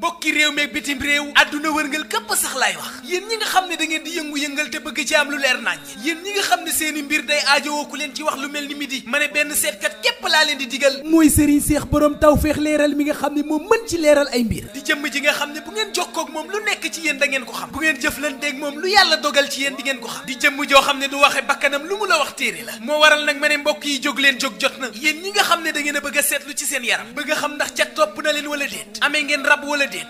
mbokk bokki réew meeg bitim réew adduna wërngal këpp sax laay wax yéen ñi nga xam ne da ngeen di yëngu-yëngal te bëgg ci am lu leer nañ yéen ñi nga xam ne seeni mbir day aajowoo ku leen ci wax lu mel ni midi ma ne benn seetkat képp laa leen di digal mooy sëriñ seex borom tawfeex leeral mi nga xam ne moom mën ci leeral ay mbir di jëm ji nga xam ne bu ngeen jokkoo ak moom lu nekk ci yéen da ngeen ko xam bu ngeen jëflanteeg moom lu yàlla dogal ci yéen di ngeen ko xam di jëmm joo xam ne du waxe bakkanam lu mu la wax téere la moo waral nag ma ne mbokk yi jóg leen jóg jot na yéen ñi nga xam ne da ngeen a ci seen yaram bëgg xam ndax ca topp na wala déet amee ngeen rab wala déet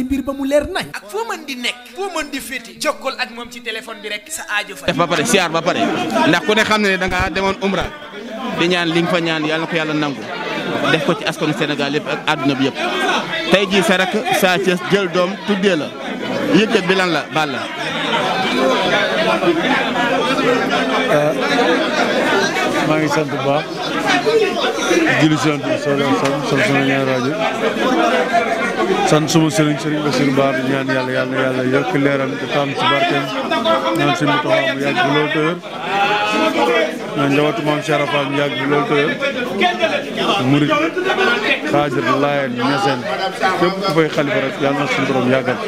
say mbir ba mu leer nañ ak foo nekk foo ak moom ci téléphone bi rek sa aajo fa def ba pare siyaar ba pare ndax ku ne xam ne da nga demoon umra di ñaan li nga fa ñaan yàlla na ko yàlla nangu def ko ci askanu senegal yëpp ak àdduna bi yëpp tey jii sa rak saa Thiès jël doom tuddee la yëg-yëg la bal la maa ngi sant bu baax julli sant solo sant sama ñaari rajo sant suma sëriñ sëriñ Bassirou Ba di ñaan yàlla yàlla na yàlla yokk leeram te tànn ci barkeem ñaan si mu taxaw mu yàgg bi loolu tëwër ñaan njabootu maam Cheikh Rafa mu yàgg bi loolu tëwër murit xaajir laayeen ñaseen képp ku fay xalifa rek yàlla na suñu borom yàggal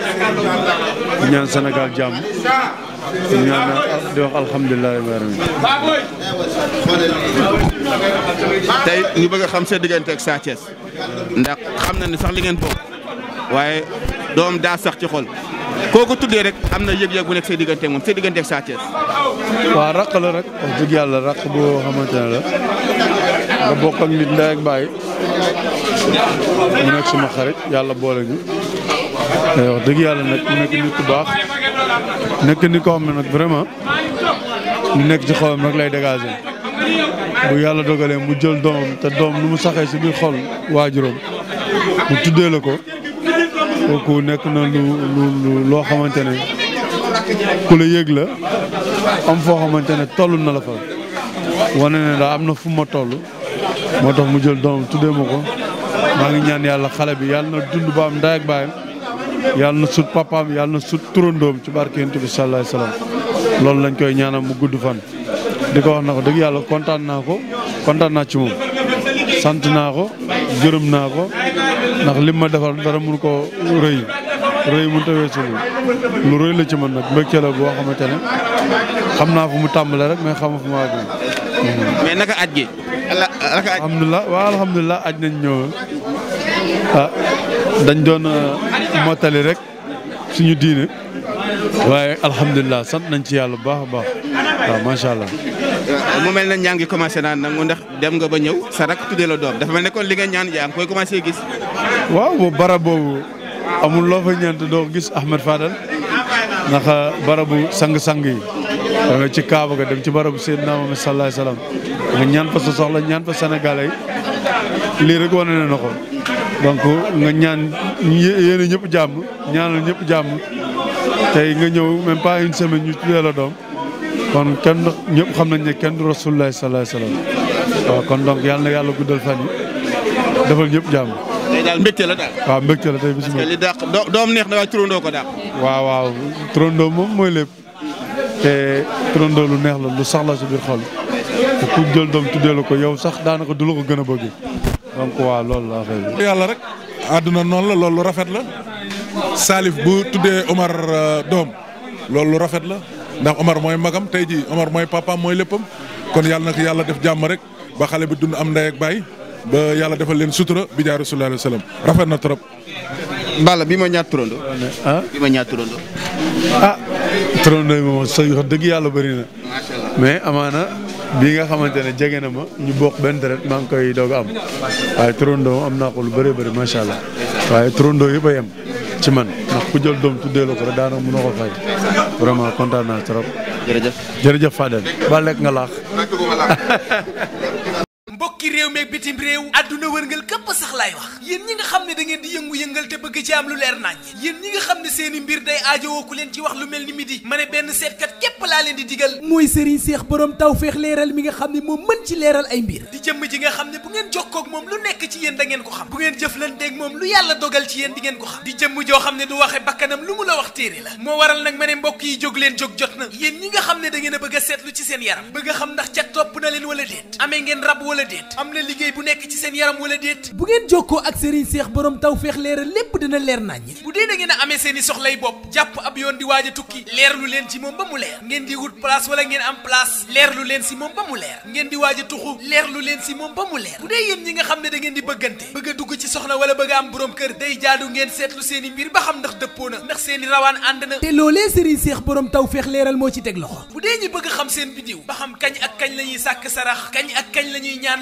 di ñaan Sénégal jàmm di ñaan di wax alhamdulilah rabbil alamin tey ñu bëgg a xam seen diggante ak Sa Thiès ndax xam na ni sax li ngeen bokk waaye doom daa sax ci xol koo tuddee rek am na yëg-yëg bu nekk say digganteeg moom say digganteeg Sa Thiès. waaw raq la rek wax dëgg yàlla raq boo xamante ne la nga bokk nit ndey baay mu nekk suma xarit yàlla boole ñu eh, wax dëgg yàlla nag mu nekk nit baax nekk nit koo xam ne nag vraiment mu nekk ci xolam rek lay dégager bu yàlla dogalee mu jël doomam te doom nu mu saxee si biir xol waajuram mu tuddee la ko. kooku nekk na lu lu loo xamante ne ku la yëg am foo xamante ne toll na la fa wane ne daal am na fu ma toll moo tax mu jël doomam tuddee ma ko maa ngi ñaan yàlla xale bi yàlla na dund ba am ndaay ak baayam yàlla na sut papaam yàlla na sut turandoom ci barke Yonent bi sallallahu alayhi wasallam loolu lañ koy ñaanam mu gudd fan di ko wax na ko dëgg yàlla kontaan naa ko kontaan naa ci moom sant naa ko gërëm naa ko ndax lim ma defal dara mun ko rëy rëy mun tawee si lu rëy la ci man nag mbégte la boo xamante ne xam naa fu mu tàmbale rek mais xamu fu mu àgg. mais naka aj gi. alhamdulilah waaw alhamdulilah aj nañ ñëw ah dañ doon ah, mottali rek suñu diine waaye alhamdulilah sant nañ ci yàlla bu baax a baax waaw ah, macha allah. mu mel na ñaa ngi commencé naan nangu ndax dem nga ba ñëw sa rak tuddee doom dafa mel ne kon li nga ñaan yaa ngi koy commencé gis. waaw boobu barab boobu loo fa ñeent doo gis Ahmed Fadal ndax euh, barabu sang-sang yi da nga ci ci barabu Seydina Muhammad sallallahu alayhi wasallam nga ñaan fa sa ñaan fa sénégalais yi lii rek wane na ko donc nga ñaan yéen ñëpp jàmm ñaanal ñëpp tey nga ñëw même pas une semaine doom. kon kenn ñëpp xam nañ ne kenn du rasulullah sallallahu alayhi waaw kon donc yàlla na yàlla guddal fan yi defal ñëpp jàmm. tey daal mbégte la daal. waaw mbégte la tey dàq doom neex na waaye turandoo ko dàq. waaw waaw turandoo moom mooy lépp te turandoo lu neex la lu sax la si biir xol te ku jël doom tuddee la ko yow sax daanaka du la ko gën a bëgg donc waaw loolu la affaire bi. yàlla rek àdduna noonu la loolu rafet la Salif bu tuddee Omar euh, doom lu rafet la. ndax Omar mooy magam tey jii Omar mooy papaam mooy léppam kon yàlla na yàlla def jàmm rek ba xale bi dund am ndey ak baay ba yàlla defal leen sutura bi jaay rasulullah alayhi salaam rafet na trop. Balla bi ma ñaat turando. ah bi ma ñaat turando. ah turando yi moom sa dëgg yàlla bëri na. macha allah mais amaana bii nga xamante ne jege na ma ñu bokk benn deret maa ngi koy dog a am waaye turando am naa ko lu bëree bëri macha allah waaye trondo yëpp a yem. ci man ndax ku jël doom tuddee la ko rek daanaka mënoo ko fay vraiment kontaan naa trop. jërëjëf jërëjëf Fadel ba lekk nga laax. mbokki réew meeg bitim réew adduna wërngal képp sax laay wax yéen ñi nga xam ne da ngeen di yëngu-yëngal te bëgg ci am lu leer nañ yéen ñi nga xam ne seeni mbir day aajowoo ku leen ci wax lu mel ni midi ma ne benn seetkat képp laa leen di digal mooy sëriñ seex borom tawfeex leeral mi nga xam ne moom mën ci leeral ay mbir di jëmm ji nga xam ne bu ngeen jokkoog moom lu nekk ci ngeen ko xam bu ngeen jëflanteeg moom lu yàlla dogal ci yéen di ngeen ko xam di jëmm joo xam ne du waxe bakkanam lu mu la wax téere la moo waral nag leen jóg jot na yéen ñi nga xam ne da ngeen a bëgg a seetlu ci seen yaram bëgg a xam ndax ca topp na leen wala déet amee déet am na liggéey bu nekk ci seen yaram wala déet bu ngeen jokkoo ak Serigne Cheikh borom taw feex leeral lépp dina leer naññ bu dee da ngeen amee seen i soxlay bopp jàpp ab yoon di waaj a tukki leerlu leen ci moom ba mu leer ngeen di wut place wala ngeen am place leerlu leen si moom ba mu leer ngeen di waaj a tuxu leerlu leen si moom ba mu leer bu dee yéen ñi nga xam ne dangeen di bëggante bëgg dugg ci soxna wala bëgg a am borom kër day jaadu ngeen seetlu seen i mbir ba xam ndax dëppoo na ndax seen i rawaan ànd na te loolee Serigne Cheikh taw feex leeral moo ci teg loxo bëgg xam seen bidiw ba xam kañ ak kañ la ñuy sàkk sarax kañ ak kañ la ñuy ñaan